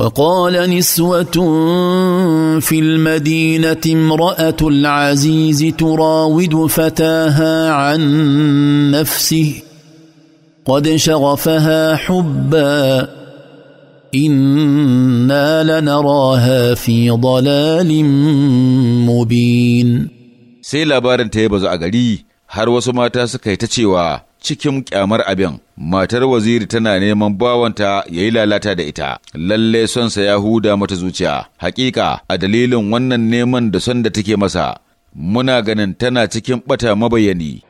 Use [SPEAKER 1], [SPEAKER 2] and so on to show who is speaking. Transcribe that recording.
[SPEAKER 1] وقال نسوة في المدينة امرأة العزيز تراود فتاها عن نفسه قد شغفها حبا إنا لنراها في ضلال
[SPEAKER 2] مبين سيلا بارن ta ya هر وسو ما تاسكي تشيوا cikin kyamar abin matar waziri tana neman bawanta ya yi lalata da ita lalle sonsa ya huda mata zuciya hakika a dalilin wannan neman da son da take masa muna ganin tana cikin bata mabayani